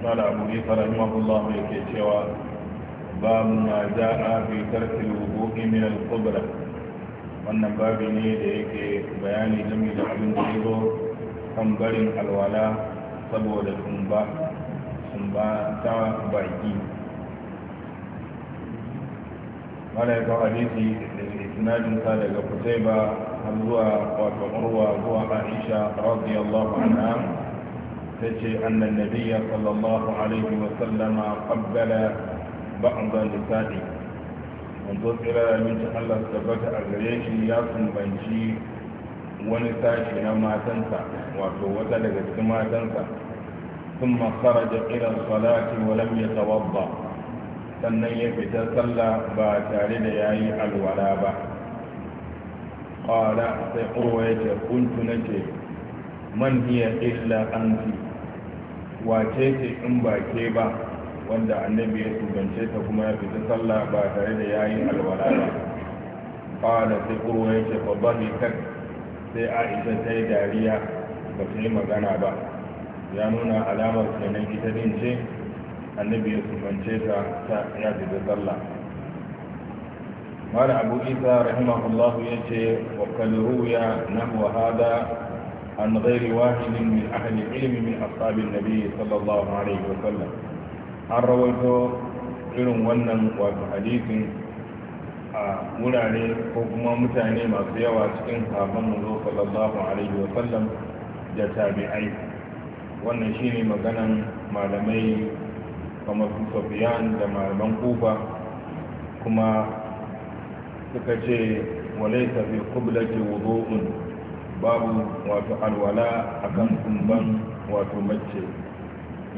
kala abu ne faramin abubuwan mai ke cewa ba mu na za a fitar filogo imel kubra wannan babi ne da yake bayani game da abin da yiro kan barin alwala saboda sumba sumba ta baki malaikar hadisi da ke sinadinsa daga kusai ba har zuwa kwakwakwarwa aisha radiyallahu anha تجي أن النبي صلى الله عليه وسلم قبل بعض نسائه منذ إلى من الله ثبت أغريش ياسم بنشي ونساشي لما تنسى وتوت لك ما تنسى ثم خرج إلى الصلاة ولم يتوضأ sannan ya fita sallah ba tare da ya yi alwala ba ƙwada sai urwa ya ce kuntu na ce man hiya illa an fi wace ce in ba ke ba wanda annabi ya tubance ta kuma ya fita sallah ba tare da yayi alwala ba qala sai kurwa yace fa sai aisha ta yi dariya ba ta yi magana ba ya nuna alamar kenan ita din ce annabi ya tubance ta ya fita sallah mala abu isa rahimahullahu yace wa kal ya nahwa hada عن غير واحد من أهل العلم من أصحاب النبي صلى الله عليه وسلم an rawaito irin wannan wato hadisin a wurare ko kuma mutane masu yawa cikin sahabban manzo sallallahu alaihi wa sallam da tabi'ai wannan shine maganan malamai kamar su Sufyan da malaman Kufa kuma suka ce walaysa fi qiblati wudu'un babu wato alwala akan kumban wato mace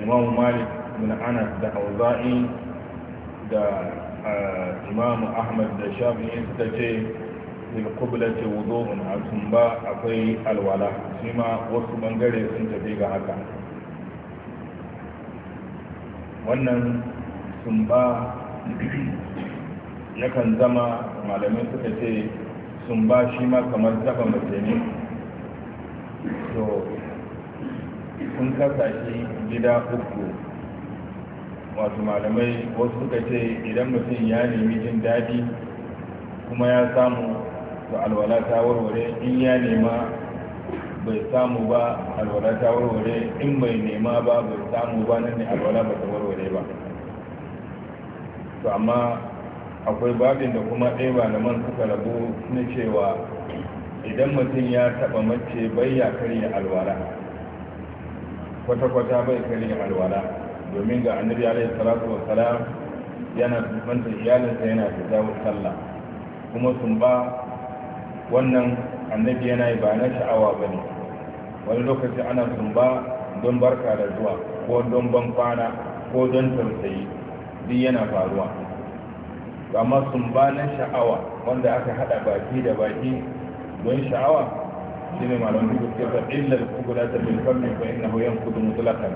imamu malik bin ana da auza'i da imam ahmad da shafi'i suka ce kubula ce wuzo a sumba akwai alwala shi ma wasu bangare sun tafi ga haka wannan tumba yakan zama malamai suka ce sumba shi ma kamar taba mace ne to kun kasa shi gida uku wato malamai wasu suka ce idan mutum ya nemi jin daɗi kuma ya samu to alwala ta warware in ya nema bai samu ba alwala ta warware in bai nema ba bai samu ba nan ne alwala ba ta warware ba to amma akwai babin da kuma ɗaya malaman suka rabu na cewa idan mutum ya taba mace bai ya karya alwala kwata-kwata bai karya alwala domin ga annabi alaihi salatu wa salam yana manta iyalinsa yana fita sallah kuma sun ba wannan annabi yana yi ba na sha'awa ba ne wani lokaci ana sun ba don barka da zuwa ko don ban kwana ko don tausayi duk yana faruwa amma sun ba na sha'awa wanda aka hada baki da baki don sha'awa shi ne malamin duk suke ta illar kugula ta bilfarni fa inna hu yankudu mutlakan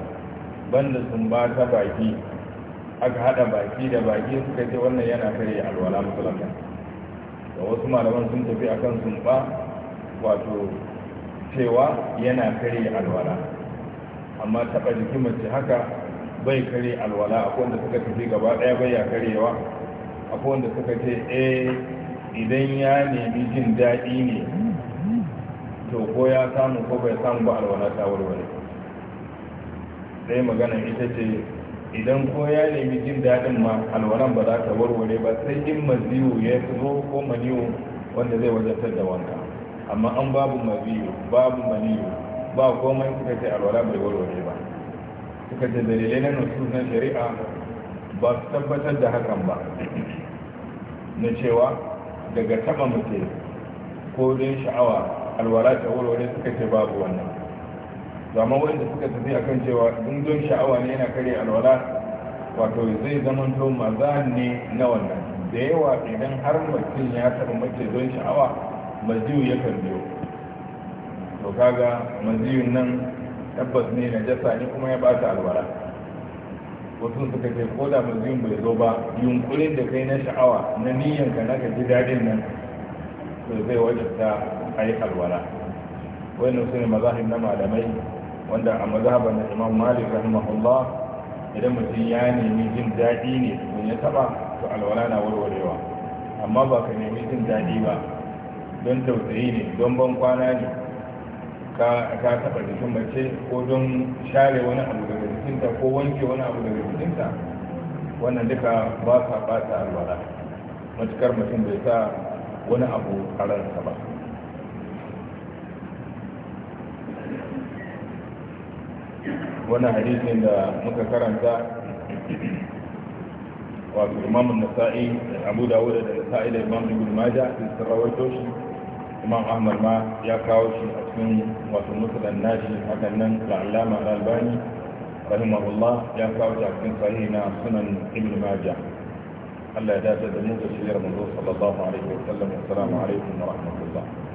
banda sun ba ta baki aka hada baki da baki suka ce wannan yana kare alwala mutlakan da wasu malaman sun tafi akan sun ba wato cewa yana kare alwala amma taba jikin mace haka bai kare alwala akwai wanda suka tafi gaba daya bai ya karewa akwai wanda suka ce eh idan ya nemi jin daɗi ne to ko ya samu ko bai samu ba alwala ta warware sai magana ita ce idan ko ya nemi jin daɗin ma alwalan ba za ta warware ba sai in maziyu ya zo ko maniyu wanda zai wajatar da wanka amma an babu maziyu babu maniyu ba komai suka ce alwala bai warware ba suka ce dalilai na nutsu na shari'a ba su tabbatar da hakan ba na cewa daga taba mace ko don sha'awa alwala ta wani suka ce babu wannan zama wanda suka tafi a kan cewa in don sha'awa ne yana kare alwala wato zai zama to maza ne na wannan da yawa idan har mutum ya taba mace don sha'awa maziyu ya kan biyo to kaga maziyun nan tabbas ne na jasa ne kuma ya bata alwala wasu suka ce ko da mazin bai zo ba yunkurin da kai na sha'awa na ka na ka ji dadin nan to zai wajabta a yi alwala wannan su ne na malamai wanda a ba na imam malik rahimahullah idan mutum ya nemi jin daɗi ne in ya taɓa to alwala na warwarewa amma ba ka nemi jin daɗi ba don tausayi ne don ban kwana ne ka taba jikin mace ko don share wani abu daga jikinta ko wanke wani abu daga jikinta wannan duka ba sa bata alwala matukar mutum bai sa wani abu a ransa ba wannan hadisin da muka karanta wato imamun nasa'i abu dawuda da nasa'i da imamun gudumaja maja sun rawaito shi imam ahmad ma ya kawo shi a cikin wato musulun nashi hakan nan da la'allama albani rahimahullah ya kawo shi a cikin sahihi na sunan ibn majah Allah ya dace da mu ga shirin manzo sallallahu alaihi wa sallam assalamu alaikum wa rahmatullah